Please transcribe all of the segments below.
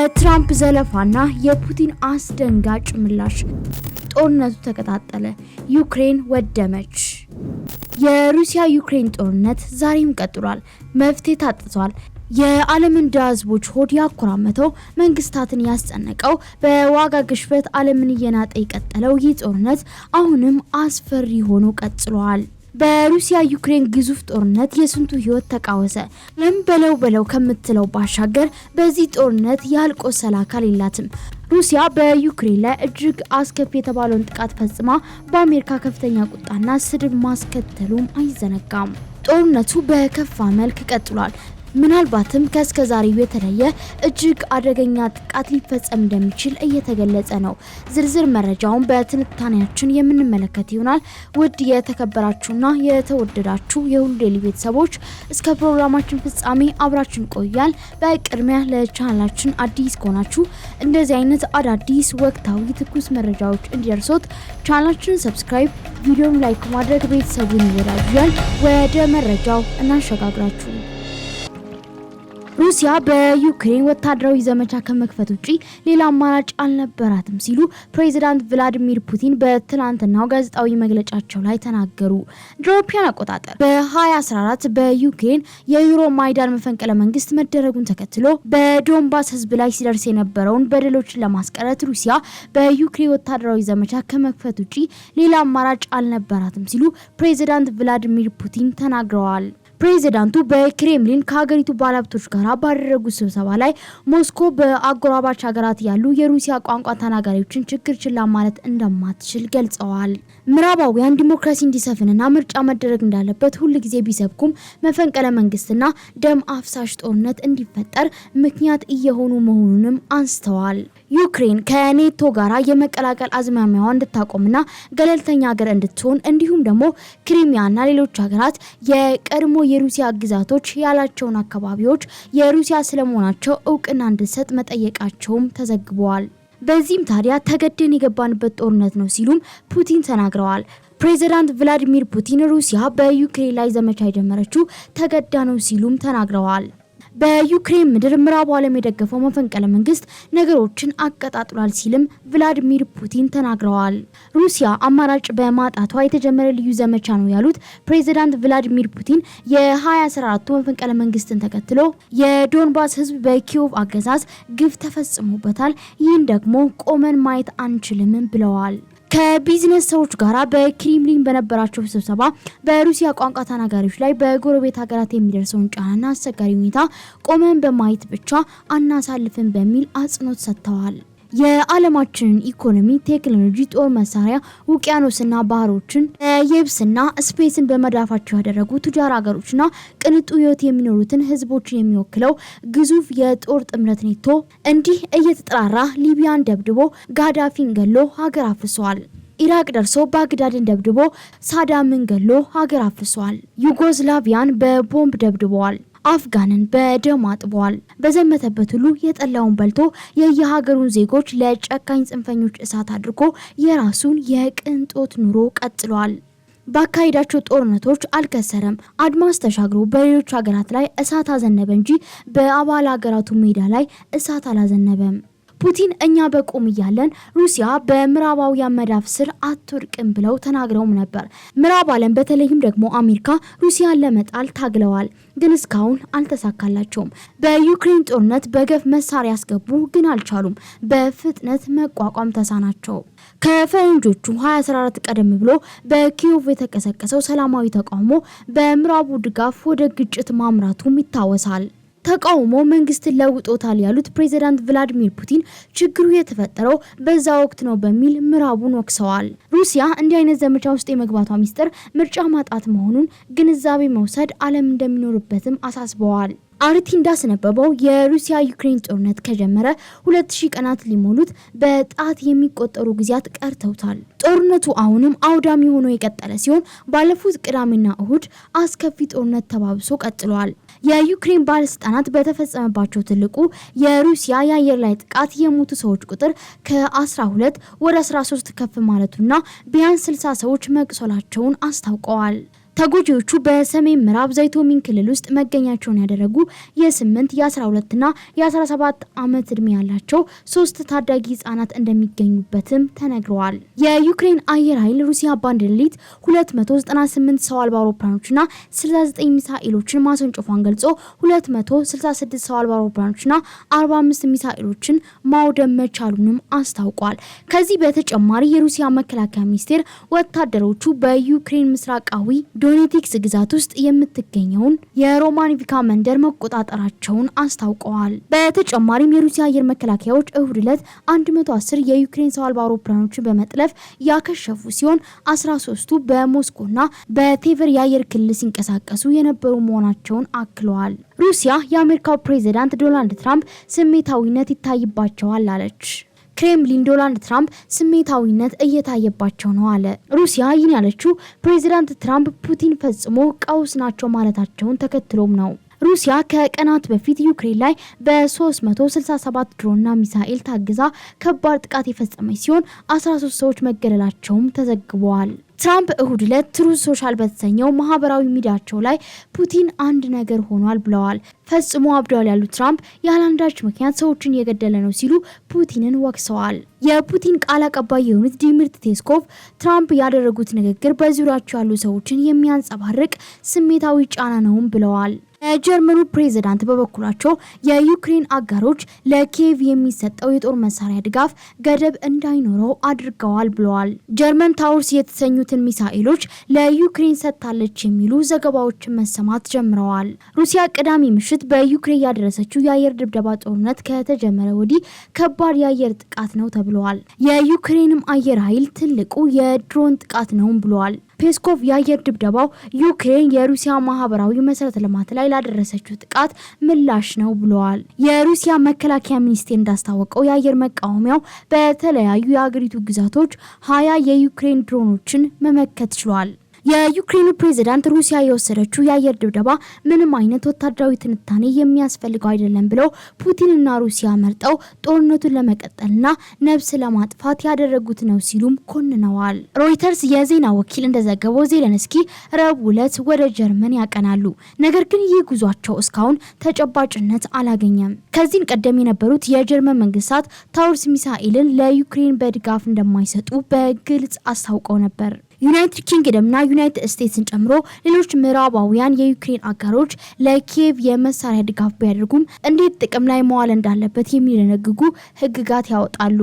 የትራምፕ ዘለፋና የፑቲን አስደንጋጭ ምላሽ ጦርነቱ ተቀጣጠለ፣ ዩክሬን ወደመች። የሩሲያ ዩክሬን ጦርነት ዛሬም ቀጥሏል። መፍትሄ ታጥቷል። የዓለምን ድሃ ህዝቦች ሆድ ያኮራመተው መንግስታትን ያስጨነቀው በዋጋ ግሽበት ዓለምን እየናጠ የቀጠለው ይህ ጦርነት አሁንም አስፈሪ ሆኖ ቀጥሏል። በሩሲያ ዩክሬን ግዙፍ ጦርነት የስንቱ ህይወት ተቃወሰ። ለም በለው በለው ከምትለው ባሻገር በዚህ ጦርነት ያልቆሰለ አካል የላትም። ሩሲያ በዩክሬን ላይ እጅግ አስከፊ የተባለውን ጥቃት ፈጽማ በአሜሪካ ከፍተኛ ቁጣና ስድብ ማስከተሉም አይዘነጋም። ጦርነቱ በከፋ መልክ ቀጥሏል። ምናልባትም ከእስከ ዛሬው የተለየ እጅግ አደገኛ ጥቃት ሊፈጸም እንደሚችል እየተገለጸ ነው። ዝርዝር መረጃውን በትንታኔያችን የምንመለከት ይሆናል። ውድ የተከበራችሁና የተወደዳችሁ የሁሉ ዴይሊ ቤተሰቦች እስከ ፕሮግራማችን ፍጻሜ አብራችን ቆያል። በቅድሚያ ለቻናላችን አዲስ ከሆናችሁ እንደዚህ አይነት አዳዲስ ወቅታዊ ትኩስ መረጃዎች እንዲደርሶት ቻናላችንን ሰብስክራይብ፣ ቪዲዮን ላይክ ማድረግ ቤተሰቡን ይወዳጁያል። ወደ መረጃው እናሸጋግራችሁ። ሩሲያ በዩክሬን ወታደራዊ ዘመቻ ከመክፈት ውጪ ሌላ አማራጭ አልነበራትም ሲሉ ፕሬዚዳንት ቭላዲሚር ፑቲን በትናንትናው ጋዜጣዊ መግለጫቸው ላይ ተናገሩ። ኢትዮጵያን አቆጣጠር በ2014 በዩክሬን የዩሮ ማይዳን መፈንቅለ መንግስት መደረጉን ተከትሎ በዶንባስ ህዝብ ላይ ሲደርስ የነበረውን በደሎችን ለማስቀረት ሩሲያ በዩክሬን ወታደራዊ ዘመቻ ከመክፈት ውጪ ሌላ አማራጭ አልነበራትም ሲሉ ፕሬዚዳንት ቭላዲሚር ፑቲን ተናግረዋል። ፕሬዚዳንቱ በክሬምሊን ከሀገሪቱ ባለሀብቶች ጋር ባደረጉት ስብሰባ ላይ ሞስኮ በአጎራባች ሀገራት ያሉ የሩሲያ ቋንቋ ተናጋሪዎችን ችግር ችላ ማለት እንደማትችል ገልጸዋል። ምዕራባውያን ዲሞክራሲ እንዲሰፍንና ምርጫ መደረግ እንዳለበት ሁል ጊዜ ቢሰብኩም መፈንቀለ መንግስትና ደም አፍሳሽ ጦርነት እንዲፈጠር ምክንያት እየሆኑ መሆኑንም አንስተዋል። ዩክሬን ከኔቶ ጋር የመቀላቀል አዝማሚያዋ እንድታቆምና ገለልተኛ ሀገር እንድትሆን እንዲሁም ደግሞ ክሪሚያና ሌሎች ሀገራት የቀድሞ የሩሲያ ግዛቶች ያላቸውን አካባቢዎች የሩሲያ ስለመሆናቸው እውቅና እንድትሰጥ መጠየቃቸውም ተዘግበዋል። በዚህም ታዲያ ተገደን የገባንበት ጦርነት ነው ሲሉም ፑቲን ተናግረዋል። ፕሬዚዳንት ቭላዲሚር ፑቲን ሩሲያ በዩክሬን ላይ ዘመቻ የጀመረችው ተገዳ ነው ሲሉም ተናግረዋል። በዩክሬን ምድር ምዕራቡ ዓለም የደገፈው መፈንቅለ መንግስት ነገሮችን አቀጣጥሏል ሲልም ቭላዲሚር ፑቲን ተናግረዋል። ሩሲያ አማራጭ በማጣቷ የተጀመረ ልዩ ዘመቻ ነው ያሉት ፕሬዚዳንት ቭላዲሚር ፑቲን የ2014ቱ መፈንቅለ መንግስትን ተከትሎ የዶንባስ ህዝብ በኪዮቭ አገዛዝ ግፍ ተፈጽሞበታል፣ ይህን ደግሞ ቆመን ማየት አንችልም ብለዋል። ከቢዝነስ ሰዎች ጋራ በክሪምሊን በነበራቸው ስብሰባ በሩሲያ ቋንቋ ተናጋሪዎች ላይ በጎረቤት ሀገራት የሚደርሰውን ጫናና አስቸጋሪ ሁኔታ ቆመን በማየት ብቻ አናሳልፍም በሚል አጽንኦት ሰጥተዋል። የዓለማችንን ኢኮኖሚ፣ ቴክኖሎጂ፣ ጦር መሳሪያ፣ ውቅያኖስና ባህሮችን የብስና ስፔስን በመዳፋቸው ያደረጉ ቱጃር ሀገሮችና ቅንጡ ህይወት የሚኖሩትን ህዝቦችን የሚወክለው ግዙፍ የጦር ጥምረት ኔቶ እንዲህ እየተጠራራ ሊቢያን ደብድቦ ጋዳፊን ገሎ ሀገር አፍርሰዋል። ኢራቅ ደርሶ ባግዳድን ደብድቦ ሳዳምን ገሎ ሀገር አፍርሰዋል። ዩጎዝላቪያን በቦምብ ደብድበዋል። አፍጋንን በደም አጥቧል። በዘመተበት ሁሉ የጠላውን በልቶ የየሀገሩን ዜጎች ለጨካኝ ጽንፈኞች እሳት አድርጎ የራሱን የቅንጦት ኑሮ ቀጥሏል። ባካሄዳቸው ጦርነቶች አልከሰረም። አድማስ ተሻግሮ በሌሎች ሀገራት ላይ እሳት አዘነበ እንጂ በአባል ሀገራቱ ሜዳ ላይ እሳት አላዘነበም። ፑቲን እኛ በቁም እያለን ሩሲያ በምዕራባውያን መዳፍ ስር አትወድቅም ብለው ተናግረውም ነበር። ምዕራብ ዓለም በተለይም ደግሞ አሜሪካ ሩሲያን ለመጣል ታግለዋል፣ ግን እስካሁን አልተሳካላቸውም። በዩክሬን ጦርነት በገፍ መሳሪያ ያስገቡ ግን አልቻሉም። በፍጥነት መቋቋም ተሳናቸው። ከፈረንጆቹ 2014 ቀደም ብሎ በኪዮቭ የተቀሰቀሰው ሰላማዊ ተቃውሞ በምዕራቡ ድጋፍ ወደ ግጭት ማምራቱም ይታወሳል። ተቃውሞ መንግስትን ለውጦታል ያሉት ፕሬዚዳንት ቭላዲሚር ፑቲን ችግሩ የተፈጠረው በዛ ወቅት ነው በሚል ምዕራቡን ወቅሰዋል። ሩሲያ እንዲህ አይነት ዘመቻ ውስጥ የመግባቷ ሚስጥር ምርጫ ማጣት መሆኑን ግንዛቤ መውሰድ ዓለም እንደሚኖርበትም አሳስበዋል። አርቲ እንዳስነበበው የሩሲያ ዩክሬን ጦርነት ከጀመረ ሁለት ሺህ ቀናት ሊሞሉት በጣት የሚቆጠሩ ጊዜያት ቀርተውታል። ጦርነቱ አሁንም አውዳሚ ሆኖ የቀጠለ ሲሆን ባለፉት ቅዳሜና እሁድ አስከፊ ጦርነት ተባብሶ ቀጥሏል። የዩክሬን ባለስልጣናት በተፈጸመባቸው ትልቁ የሩሲያ የአየር ላይ ጥቃት የሞቱ ሰዎች ቁጥር ከ12 ወደ 13 ከፍ ማለቱና ቢያንስ 60 ሰዎች መቁሰላቸውን አስታውቀዋል። ተጎጂዎቹ በሰሜን ምዕራብ ዘይቶሚን ክልል ውስጥ መገኛቸውን ያደረጉ የ8 የ12 ና የ17 ዓመት እድሜ ያላቸው ሶስት ታዳጊ ህጻናት እንደሚገኙበትም ተነግረዋል። የዩክሬን አየር ኃይል ሩሲያ በአንድ ሌሊት 298 ሰው አልባ አውሮፕላኖች ና 69 ሚሳኤሎችን ማስወንጨፏን ገልጾ 266 ሰው አልባ አውሮፕላኖች ና 45 ሚሳኤሎችን ማውደም መቻሉንም አስታውቋል። ከዚህ በተጨማሪ የሩሲያ መከላከያ ሚኒስቴር ወታደሮቹ በዩክሬን ምስራቃዊ በዶኔቲክስ ግዛት ውስጥ የምትገኘውን የሮማኒቪካ መንደር መቆጣጠራቸውን አስታውቀዋል። በተጨማሪም የሩሲያ አየር መከላከያዎች እሁድ ዕለት 110 የዩክሬን ሰው አልባ አውሮፕላኖችን በመጥለፍ ያከሸፉ ሲሆን 13ቱ በሞስኮና በቴቨር የአየር ክልል ሲንቀሳቀሱ የነበሩ መሆናቸውን አክለዋል። ሩሲያ የአሜሪካው ፕሬዚዳንት ዶናልድ ትራምፕ ስሜታዊነት ይታይባቸዋል አለች። ክሬምሊን ዶናልድ ትራምፕ ስሜታዊነት እየታየባቸው ነው አለ። ሩሲያ ይህን ያለችው ፕሬዚዳንት ትራምፕ ፑቲን ፈጽሞ ቀውስ ናቸው ማለታቸውን ተከትሎም ነው። ሩሲያ ከቀናት በፊት ዩክሬን ላይ በ367 ድሮና ሚሳኤል ታግዛ ከባድ ጥቃት የፈጸመች ሲሆን 13 ሰዎች መገደላቸውም ተዘግበዋል። ትራምፕ እሁድ ዕለት ትሩዝ ሶሻል በተሰኘው ማህበራዊ ሚዲያቸው ላይ ፑቲን አንድ ነገር ሆኗል ብለዋል። ፈጽሞ አብደዋል ያሉት ትራምፕ ያለአንዳች ምክንያት ሰዎችን እየገደለ ነው ሲሉ ፑቲንን ወቅሰዋል። የፑቲን ቃል አቀባይ የሆኑት ዲሚትሪ ቴስኮቭ ትራምፕ ያደረጉት ንግግር በዙሪያቸው ያሉ ሰዎችን የሚያንጸባርቅ ስሜታዊ ጫና ነውም ብለዋል። የጀርመኑ ፕሬዚዳንት በበኩላቸው የዩክሬን አጋሮች ለኪየቭ የሚሰጠው የጦር መሳሪያ ድጋፍ ገደብ እንዳይኖረው አድርገዋል ብለዋል። ጀርመን ታውርስ የተሰኙትን ሚሳኤሎች ለዩክሬን ሰጥታለች የሚሉ ዘገባዎችን መሰማት ጀምረዋል። ሩሲያ ቅዳሜ ምሽት በዩክሬን ያደረሰችው የአየር ድብደባ ጦርነት ከተጀመረ ወዲህ ከባድ የአየር ጥቃት ነው ተብለዋል። የዩክሬንም አየር ኃይል ትልቁ የድሮን ጥቃት ነውም ብለዋል። ፔስኮቭ የአየር ድብደባው ዩክሬን የሩሲያ ማህበራዊ መሰረተ ልማት ላይ ላደረሰችው ጥቃት ምላሽ ነው ብለዋል። የሩሲያ መከላከያ ሚኒስቴር እንዳስታወቀው የአየር መቃወሚያው በተለያዩ የአገሪቱ ግዛቶች ሀያ የዩክሬን ድሮኖችን መመከት ችሏል። የዩክሬኑ ፕሬዝዳንት ሩሲያ የወሰደችው የአየር ድብደባ ምንም አይነት ወታደራዊ ትንታኔ የሚያስፈልገው አይደለም ብለው ፑቲንና ሩሲያ መርጠው ጦርነቱን ለመቀጠልና ነፍስ ለማጥፋት ያደረጉት ነው ሲሉም ኮንነዋል። ሮይተርስ የዜና ወኪል እንደዘገበው ዜለንስኪ ረቡዕ ዕለት ወደ ጀርመን ያቀናሉ። ነገር ግን ይህ ጉዟቸው እስካሁን ተጨባጭነት አላገኘም። ከዚህም ቀደም የነበሩት የጀርመን መንግስታት ታውርስ ሚሳኤልን ለዩክሬን በድጋፍ እንደማይሰጡ በግልጽ አስታውቀው ነበር። ዩናይትድ ኪንግደምና ዩናይትድ ስቴትስን ጨምሮ ሌሎች ምዕራባውያን የዩክሬን አጋሮች ለኪየቭ የመሳሪያ ድጋፍ ቢያደርጉም እንዴት ጥቅም ላይ መዋል እንዳለበት የሚደነግጉ ህግጋት ያወጣሉ።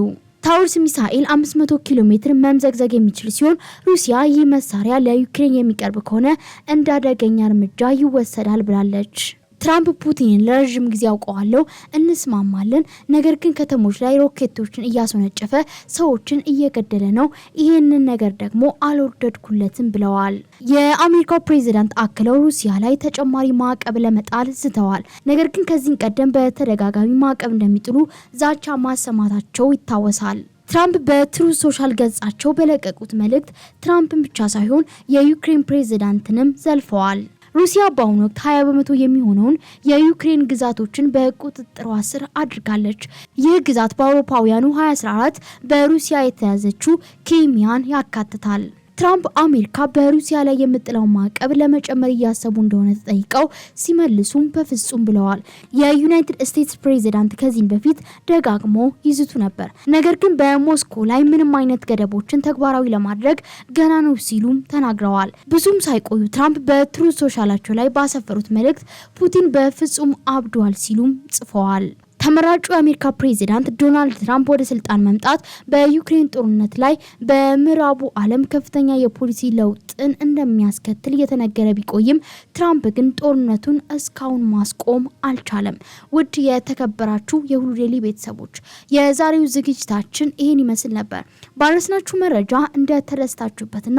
ታውርስ ሚሳኤል 500 ኪሎ ሜትር መምዘግዘግ የሚችል ሲሆን ሩሲያ ይህ መሳሪያ ለዩክሬን የሚቀርብ ከሆነ እንደ አደገኛ እርምጃ ይወሰዳል ብላለች። ትራምፕ ፑቲንን ለረዥም ጊዜ አውቀዋለሁ፣ እንስማማለን። ነገር ግን ከተሞች ላይ ሮኬቶችን እያስወነጨፈ ሰዎችን እየገደለ ነው። ይህንን ነገር ደግሞ አልወደድኩለትም ብለዋል። የአሜሪካው ፕሬዚዳንት አክለው ሩሲያ ላይ ተጨማሪ ማዕቀብ ለመጣል ዝተዋል። ነገር ግን ከዚህም ቀደም በተደጋጋሚ ማዕቀብ እንደሚጥሉ ዛቻ ማሰማታቸው ይታወሳል። ትራምፕ በትሩ ሶሻል ገጻቸው በለቀቁት መልእክት ትራምፕን ብቻ ሳይሆን የዩክሬን ፕሬዚዳንትንም ዘልፈዋል። ሩሲያ በአሁኑ ወቅት 20 በመቶ የሚሆነውን የዩክሬን ግዛቶችን በቁጥጥሯ ስር አድርጋለች። ይህ ግዛት በአውሮፓውያኑ 2014 በሩሲያ የተያዘችው ክሪሚያን ያካትታል። ትራምፕ አሜሪካ በሩሲያ ላይ የምጥለው ማዕቀብ ለመጨመር እያሰቡ እንደሆነ ተጠይቀው ሲመልሱም በፍጹም ብለዋል። የዩናይትድ ስቴትስ ፕሬዚዳንት ከዚህም በፊት ደጋግሞ ይዝቱ ነበር፣ ነገር ግን በሞስኮ ላይ ምንም አይነት ገደቦችን ተግባራዊ ለማድረግ ገና ነው ሲሉም ተናግረዋል። ብዙም ሳይቆዩ ትራምፕ በትሩ ሶሻላቸው ላይ ባሰፈሩት መልእክት ፑቲን በፍጹም አብዷል ሲሉም ጽፈዋል። ተመራጩ የአሜሪካ ፕሬዚዳንት ዶናልድ ትራምፕ ወደ ስልጣን መምጣት በዩክሬን ጦርነት ላይ በምዕራቡ ዓለም ከፍተኛ የፖሊሲ ለውጥን እንደሚያስከትል እየተነገረ ቢቆይም ትራምፕ ግን ጦርነቱን እስካሁን ማስቆም አልቻለም። ውድ የተከበራችሁ የሁሉ ዴይሊ ቤተሰቦች የዛሬው ዝግጅታችን ይህን ይመስል ነበር። ባረስናችሁ መረጃ እንደተደስታችሁበትና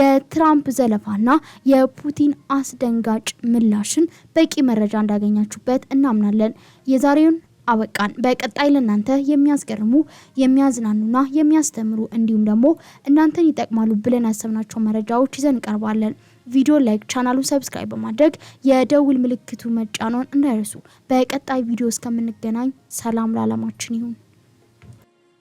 የትራምፕ ዘለፋና የፑቲን አስደንጋጭ ምላሽን በቂ መረጃ እንዳገኛችሁበት እናምናለን። የዛሬውን አበቃን። በቀጣይ ለእናንተ የሚያስገርሙ የሚያዝናኑና የሚያስተምሩ እንዲሁም ደግሞ እናንተን ይጠቅማሉ ብለን ያሰብናቸው መረጃዎች ይዘን እንቀርባለን። ቪዲዮ ላይክ፣ ቻናሉን ሰብስክራይብ በማድረግ የደውል ምልክቱ መጫኖን እንዳይረሱ። በቀጣይ ቪዲዮ እስከምንገናኝ ሰላም ለዓለማችን ይሁን።